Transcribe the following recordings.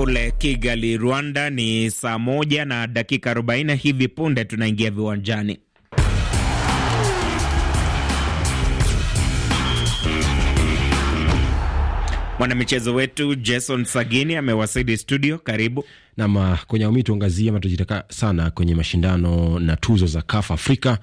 kule Kigali, Rwanda. Ni saa moja na dakika 40. Hivi punde tunaingia viwanjani Mwanamichezo wetu Jason Sagini amewasili studio. Karibu nam kwenye Aumii. tuangazie ama sana kwenye mashindano na tuzo za CAF Afrika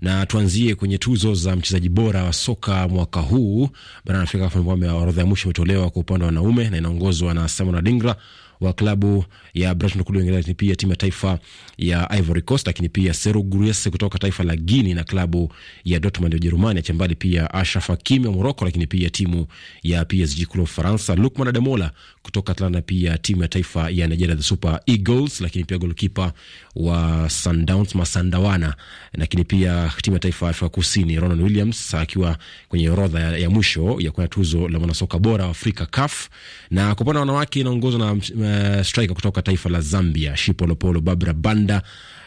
na tuanzie kwenye tuzo za mchezaji bora wa soka mwaka huu barani Afrika, orodha ya mwisho imetolewa kwa upande wa wanaume na inaongozwa na Simon Adingra wa klabu ya Brighton kule Uingereza, lakini pia timu ya taifa ya Ivory Coast, lakini pia Serhou Guirassy kutoka taifa la Guinea na klabu ya Dortmund ya Ujerumani, achambali pia Ashraf Hakimi wa Morocco, lakini pia timu ya PSG kule Ufaransa, Lukman Ademola kutoka Atlanta, pia timu ya taifa ya Nigeria the Super Eagles, lakini pia golkipa wa Sundowns Masandawana, lakini pia timu ya taifa ya Afrika Kusini Ronan Williams akiwa kwenye orodha ya, ya mwisho ya kuwania tuzo la mwanasoka bora wa Afrika CAF, na kwa upande wa wanawake inaongozwa na uh, striker kutoka taifa la Zambia Shipolopolo Babra Banda,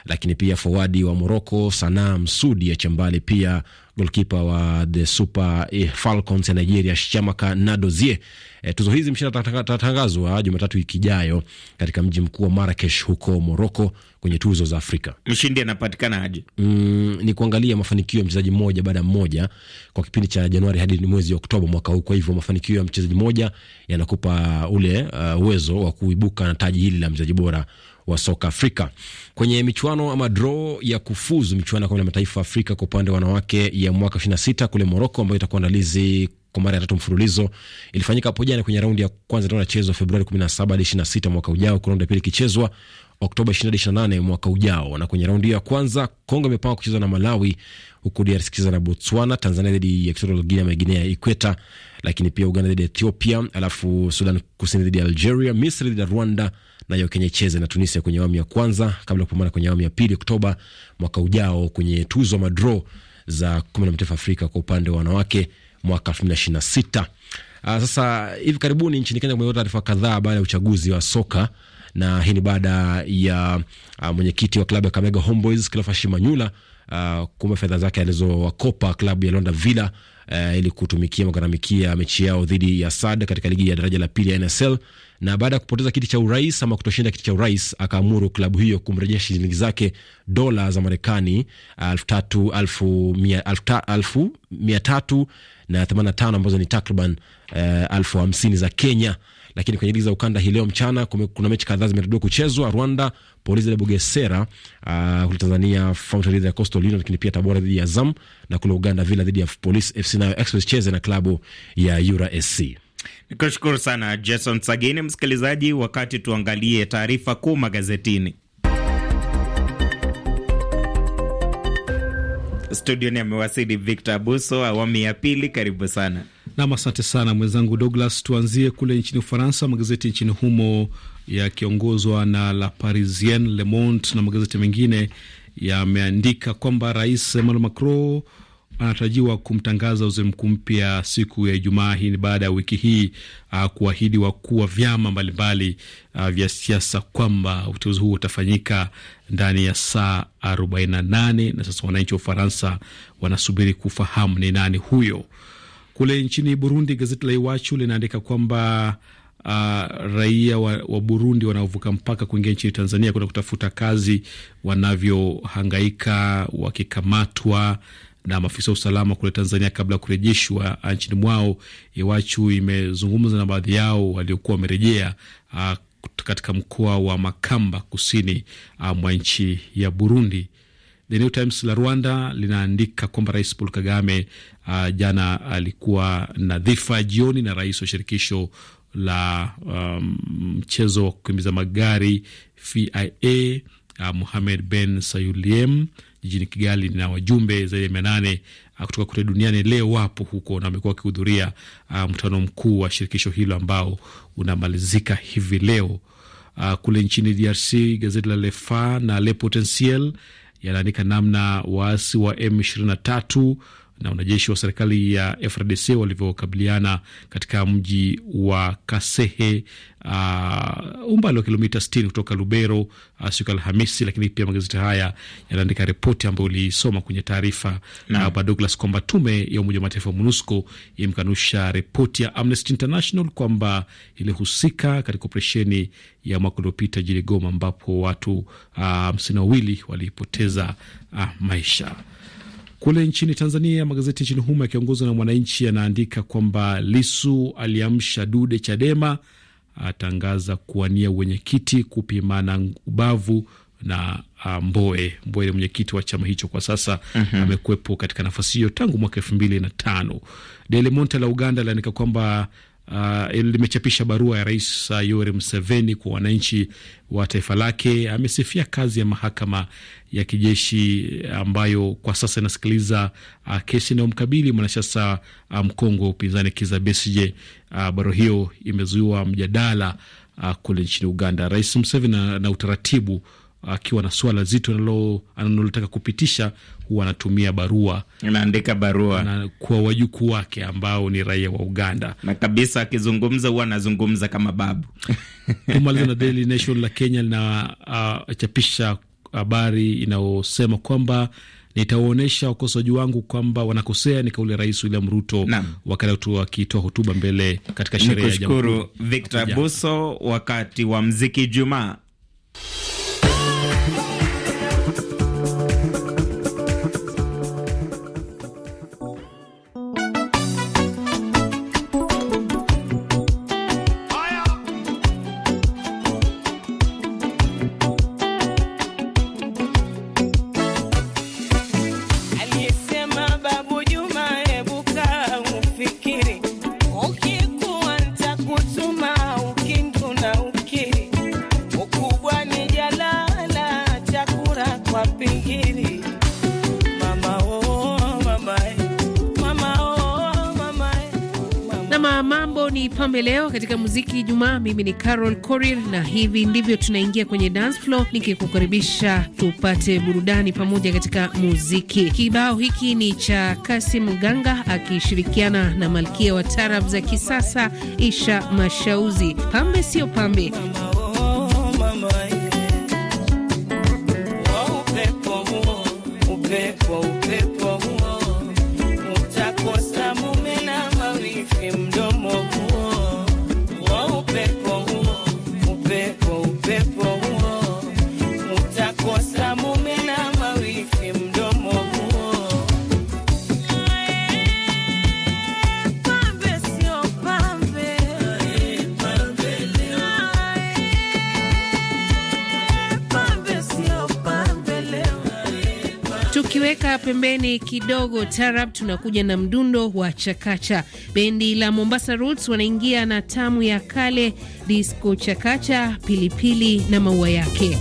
lakini pia fowadi wa Moroko Sanaa Msudi ya Chambali pia golkipa wa the Super e Falcons ya Nigeria, Shamaka Nadozie. E, tuzo hizi mshinda tatangazwa Jumatatu wiki ijayo katika mji mkuu wa Marrakesh huko Moroko kwenye tuzo za Afrika. Mshindi anapatikana aje? Mm, ni kuangalia mafanikio ya mchezaji mmoja baada ya mmoja kwa kipindi cha Januari hadi mwezi Oktoba mwaka huu. Kwa hivyo mafanikio ya mchezaji mmoja yanakupa ule uh, uwezo uh, wa kuibuka na taji hili la mchezaji bora wa soka Afrika. Kwenye michuano ama draw ya kufuzu michuano ya kombe la mataifa Afrika kwa upande wa wanawake ya mwaka 26 kule Moroko, ambayo itakuwa andalizi kwa mara ya tatu mfululizo ilifanyika hapo jana kwenye raundi ya kwanza itakuwa inachezwa Februari 17 hadi 26 mwaka ujao, kwa raundi ya pili ikichezwa Oktoba 28 mwaka ujao. Na kwenye raundi ya kwanza Kongo imepangwa kucheza na Malawi, huku DRC ikicheza na Botswana, Tanzania dhidi ya Equatorial Guinea na Guinea ya Ikweta, lakini pia Uganda dhidi ya Ethiopia, alafu Sudan Kusini dhidi ya Algeria, Misri dhidi ya Rwanda, nayo Kenya icheze na Tunisia kwenye awamu ya kwanza kabla ya kupambana kwenye awamu ya pili Oktoba mwaka ujao kwenye tuzo madro za kumi na mataifa Afrika kwa upande wa wanawake mwaka elfu na 2026. Ah, sasa hivi karibuni nchini Kenya kumetoka taarifa kadhaa baada ya uchaguzi wa soka na hii ni baada ya uh, mwenyekiti wa klabu ya Kamega Homeboys Cleophas Shimanyula uh, kumbe fedha zake alizowakopa klabu ya Londa Villa uh, ili kutumikia magaramikia ya mechi yao dhidi ya SAD katika ligi ya daraja la pili ya NSL na baada ya kupoteza kiti cha urais ama kutoshinda kiti cha urais, akaamuru klabu hiyo kumrejesha shilingi zake dola za Marekani uh, elfu mia tatu na themanini na tano ambazo ni takriban uh, elfu hamsini za Kenya. Lakini kwenye ligi za ukanda hii leo mchana kume, kuna mechi kadhaa zimerudiwa kuchezwa. Rwanda Polisi dhidi Bugesera, uh, kule Tanzania Fountain dhidi ya Coastal Union, lakini pia Tabora dhidi ya Azam na kule Uganda Villa dhidi ya Police FC, nayo Express cheze na klabu ya Yura SC. Nikushukuru sana Jason Sagini. Msikilizaji, wakati tuangalie taarifa kuu magazetini. Studioni amewasili Victor Abuso, awamu ya pili. Karibu sana. Nam, asante sana mwenzangu Douglas. Tuanzie kule nchini Ufaransa. Magazeti nchini humo yakiongozwa na La Parisienne, Le Monde na magazeti mengine yameandika kwamba Rais Emmanuel Macron anatarajiwa kumtangaza waziri mkuu mpya siku ya Ijumaa. Hii ni baada ya wiki hii uh, kuahidi wakuu wa vyama mbalimbali uh, vya siasa kwamba uteuzi huo utafanyika ndani ya saa 48 na sasa wananchi wa Ufaransa wanasubiri kufahamu ni nani huyo. Kule nchini Burundi, gazeti la Iwachu linaandika kwamba Uh, raia wa, wa Burundi wanaovuka mpaka kuingia nchini Tanzania kwenda kutafuta kazi wanavyohangaika wakikamatwa na maafisa wa usalama kule Tanzania kabla ya kurejeshwa ah, nchini mwao. Iwachu imezungumza na baadhi yao waliokuwa wamerejea uh, katika mkoa wa Makamba kusini uh, mwa nchi ya Burundi. The New Times la Rwanda linaandika kwamba Rais Paul Kagame uh, jana alikuwa na dhifa jioni na rais wa shirikisho la um, mchezo um, wa kukimbiza magari FIA uh, Muhamed Ben Sayuliem jijini Kigali, na wajumbe zaidi ya mia nane uh, kutoka kote duniani leo wapo huko na wamekuwa wakihudhuria uh, mkutano mkuu wa shirikisho hilo ambao unamalizika hivi leo. Uh, kule nchini DRC gazeti la Lefa na Le Potentiel yalaanika namna waasi wa M23 na wanajeshi wa serikali ya FRDC walivyokabiliana katika mji wa Kasehe, uh, umbali wa kilomita 60 kutoka Lubero uh, siku ya Alhamisi. Lakini pia magazeti haya yanaandika ripoti ambayo ulisoma kwenye taarifa hapa, ah, Douglas, kwamba tume ya Umoja wa Mataifa MONUSCO imkanusha ripoti ya Amnesty International kwamba ilihusika katika operesheni ya mwaka uliopita jijini Goma ambapo watu hamsini uh, na wawili walipoteza uh, maisha. Kule nchini Tanzania, magazeti nchini humo yakiongozwa na Mwananchi yanaandika kwamba Lisu aliamsha dude Chadema, atangaza kuwania uwenyekiti, kupimana ubavu na ah, Mboe. Mboe ni mwenyekiti wa chama hicho kwa sasa mm Amekuwepo katika nafasi hiyo tangu mwaka elfu mbili na tano. Daily Monitor la Uganda laandika kwamba uh, limechapisha barua ya Rais ah, Yoweri Museveni kwa wananchi wa taifa lake. Amesifia kazi ya mahakama ya kijeshi ah, ambayo kwa sasa inasikiliza uh, kesi inayomkabili mwanasiasa mkongwe wa upinzani Kizza Besigye. Uh, barua hiyo imezuiwa mjadala uh, kule nchini Uganda. Rais Museveni na, na utaratibu akiwa na swala zito analotaka kupitisha huwa anatumia barua, anaandika barua na kwa wajukuu wake ambao ni raia wa Uganda, na kabisa akizungumza huwa anazungumza kama babu. Kumaliza na Daily Nation la Kenya linachapisha uh, habari inayosema kwamba nitawaonyesha wakosoaji wangu kwamba wanakosea, ni kauli ya Rais William Ruto wakati akitoa hotuba mbele katika sherehe ya Jamhuri. Victor Buso, wakati wa mziki Jumaa. mambo ni pambe leo katika muziki Ijumaa. Mimi ni Carol Corir na hivi ndivyo tunaingia kwenye dance floor, nikikukaribisha tupate burudani pamoja katika muziki. Kibao hiki ni cha Kasim Ganga akishirikiana na malkia wa tarab za kisasa Isha Mashauzi, pambe sio pambe. baby pembeni kidogo tarab, tunakuja na mdundo wa chakacha. Bendi la Mombasa Roots wanaingia na tamu ya kale, disco chakacha, pilipili na maua yake.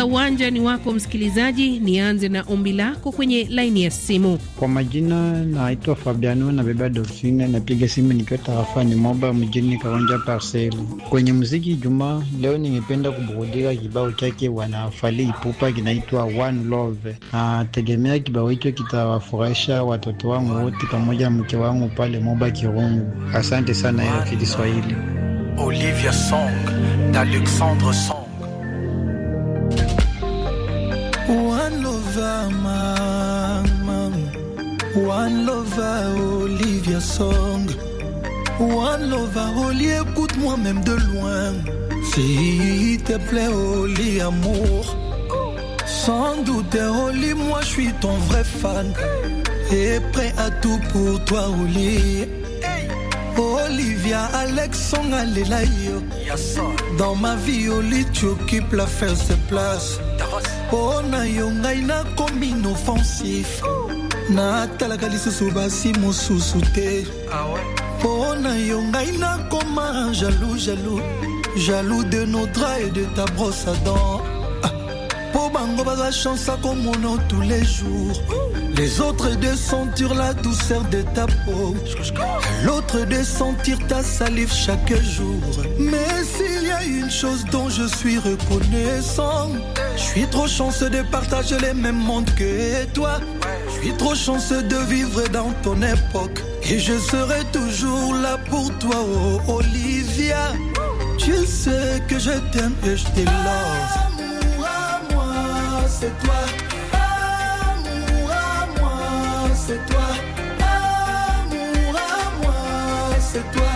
Sasa uwanja ni wako msikilizaji, nianze na ombi lako kwenye laini ya simu. Kwa majina naitwa Fabiano na beba Dolfine, napiga simu nikiwa tarafani Moba mjini karonja Parceli kwenye muziki Jumaa. Leo ningependa kuburudika kibao chake wanafali Ipupa kinaitwa One Love. Nategemea kibao hicho kitawafurahisha watoto wangu wote pamoja na mke wangu pale Moba Kirungu. Asante sana ya Kiswahili. Olivia Song na Alexandre Song One lover, Olivia Song. One lover, Oli, écoute-moi même de loin. S'il te plaît, Oli, amour. Sans doute, Oli, moi je suis ton vrai fan. Et prêt à tout pour toi, Oli. Olivia, on a là, Dans ma vie, Oli, tu occupes la faire ses places mpona yo ngai nakomi inoffensif natalaka lisusu basi mosusu te mpona yo ngai nakoma jaloux jalou jaloux de notre et de ta brosse à dents mpo ah. bango baza chance akomona tous les jours les autres de sentir la douceur de ta peau l'autre de sentir ta salive chaque jour mais une chose dont je suis reconnaissant. Je suis trop chanceux de partager les mêmes mondes que toi. Je suis trop chanceux de vivre dans ton époque. Et je serai toujours là pour toi, oh Olivia. Tu sais que je t'aime et je t'ai Amour à moi, c'est toi. Amour à moi, c'est toi. Amour à moi, c'est toi.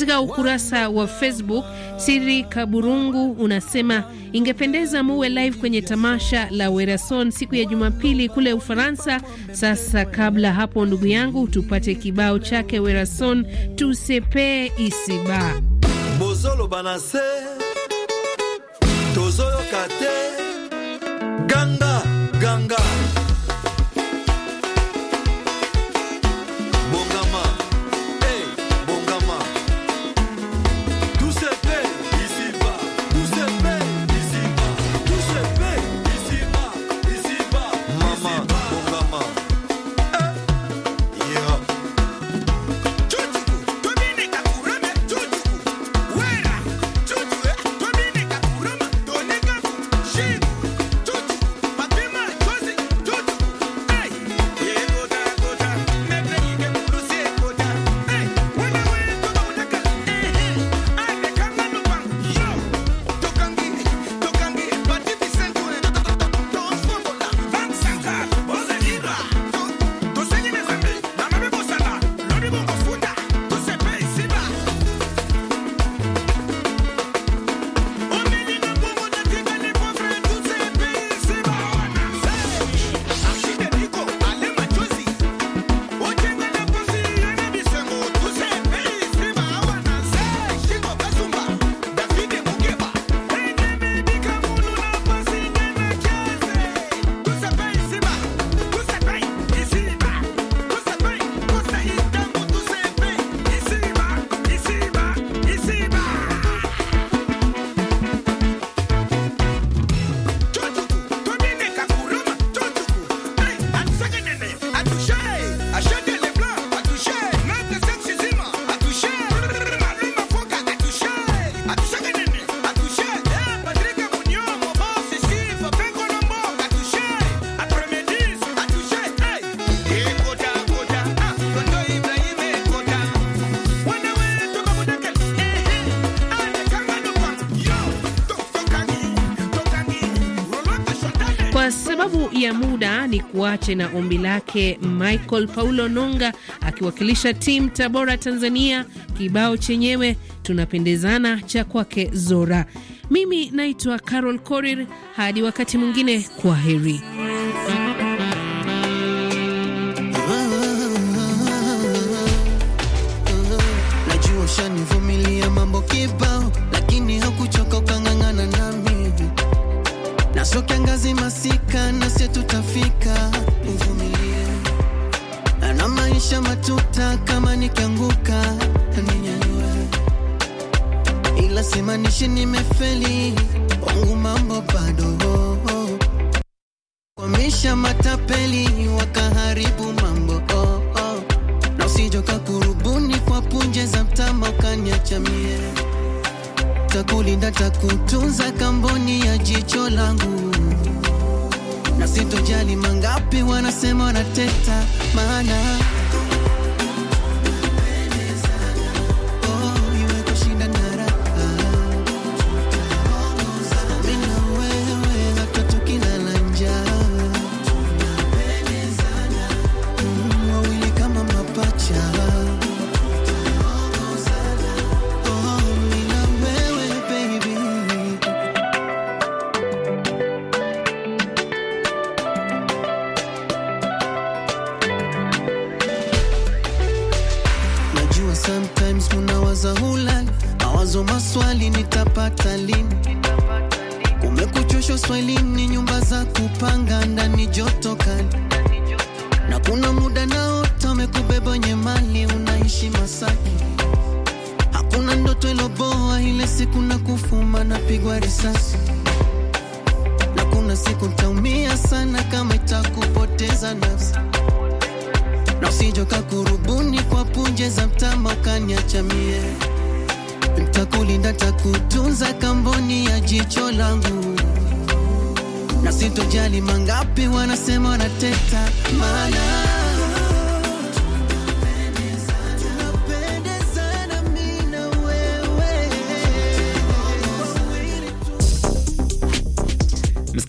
Katika ukurasa wa Facebook, Siri Kaburungu unasema ingependeza muwe live kwenye tamasha la Werason siku ya Jumapili kule Ufaransa. Sasa kabla hapo, ndugu yangu, tupate kibao chake Werason tusepe isiba bozolo banase tozoyo tuache na ombi lake Michael Paulo Nonga akiwakilisha timu Tabora, Tanzania. Kibao chenyewe tunapendezana cha kwake Zora. Mimi naitwa Carol Korir, hadi wakati mwingine, kwa heri. Najua ushanivumilia mambo kibao, lakini haukuchoka ukang'ang'ana nami, naso masika nasi tutafika nitatuta, kama nikianguka ninyanyue, ila simanishi nimefeli, wangu mambo bado kwamisha matapeli wakaharibu mambo oh, oh. na usijoka kurubuni kwa punje za mtama ukanyachamie takulinda takutunza kamboni ya jicho langu na sitojali mangapi wanasema wanateta maana kijo kurubuni kwa punje za mtama ukaniachamie mie, ntakulinda takutunza kamboni ya jicho langu, na sitojali mangapi wanasema wanateta mana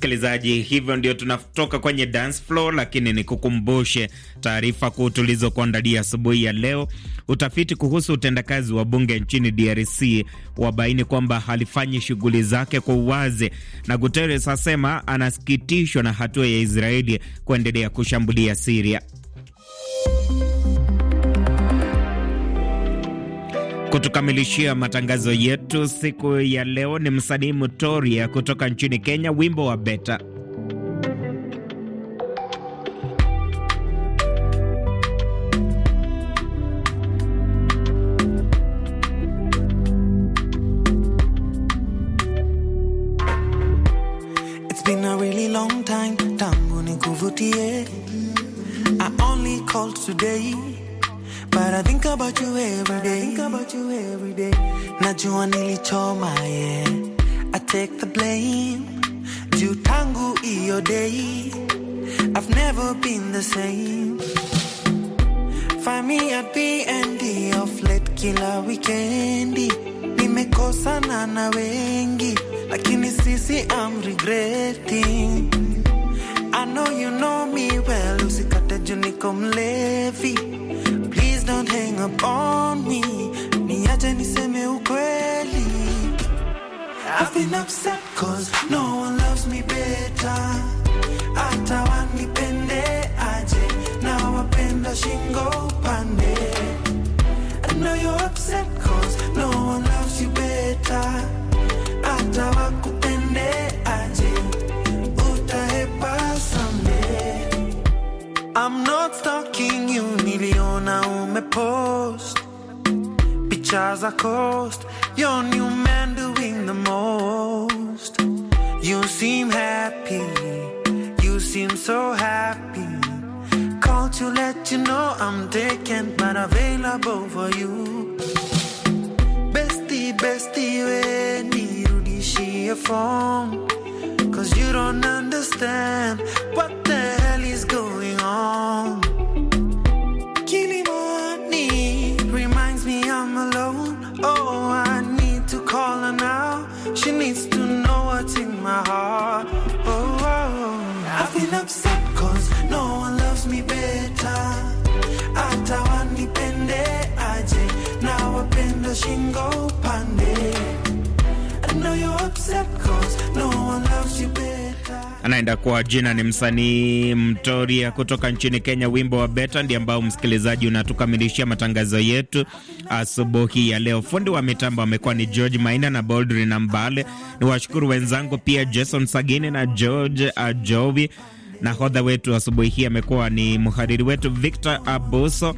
msikilizaji, hivyo ndio tunatoka kwenye dance floor, lakini nikukumbushe taarifa kuu tulizokuandalia asubuhi ya leo. Utafiti kuhusu utendakazi wa bunge nchini DRC wabaini kwamba halifanyi shughuli zake kwa uwazi, na Guterres asema anasikitishwa na hatua ya Israeli kuendelea kushambulia Siria. Kutukamilishia matangazo yetu siku ya leo ni msanii Mutoria kutoka nchini Kenya, wimbo wa Beta. today But I think about you every day. I think about you every day. Not you nearly tore my I take the blame. You tango your day. I've never been the same. Find me at the end of late kila weekendi. Nimekosana na wengi, lakini sisi I'm regretting. I know you know me well, usikate juu niko mlevi hang me. Niache niseme ukweli. I've been upset cause no one loves me better. Hata wanipende aje na wapenda shingo upande. I know you're upset cause no one loves you better. Hata a niliona post, pictures are cost your new man doing the most you seem happy you seem so happy call to let you know i'm taken but available for you bestie bestie we nirudishie form cause you don't understand what the hell is going on needs to know what's in my heart. Oh, oh. oh. i feel been upset cause no one loves me better. Hata wanipende aje na wapendo shingo pande. I know you're upset cause anaenda kwa jina ni msanii Mtoria kutoka nchini Kenya. Wimbo wa Beta ndi ambao msikilizaji unatukamilishia matangazo yetu asubuhi ya leo. Fundi wa mitambo amekuwa ni George Maina na Boldri na Mbale. Ni washukuru wenzangu pia Jason Sagini na George Ajovi. Nahodha wetu asubuhi hii amekuwa ni mhariri wetu Victor Abuso.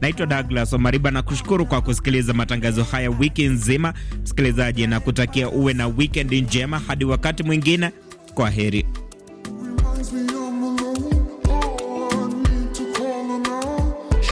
Naitwa Douglas Omariba na kushukuru kwa kusikiliza matangazo haya wiki nzima. Msikilizaji, na kutakia uwe na wikendi njema. Hadi wakati mwingine, kwa heri. reminds me of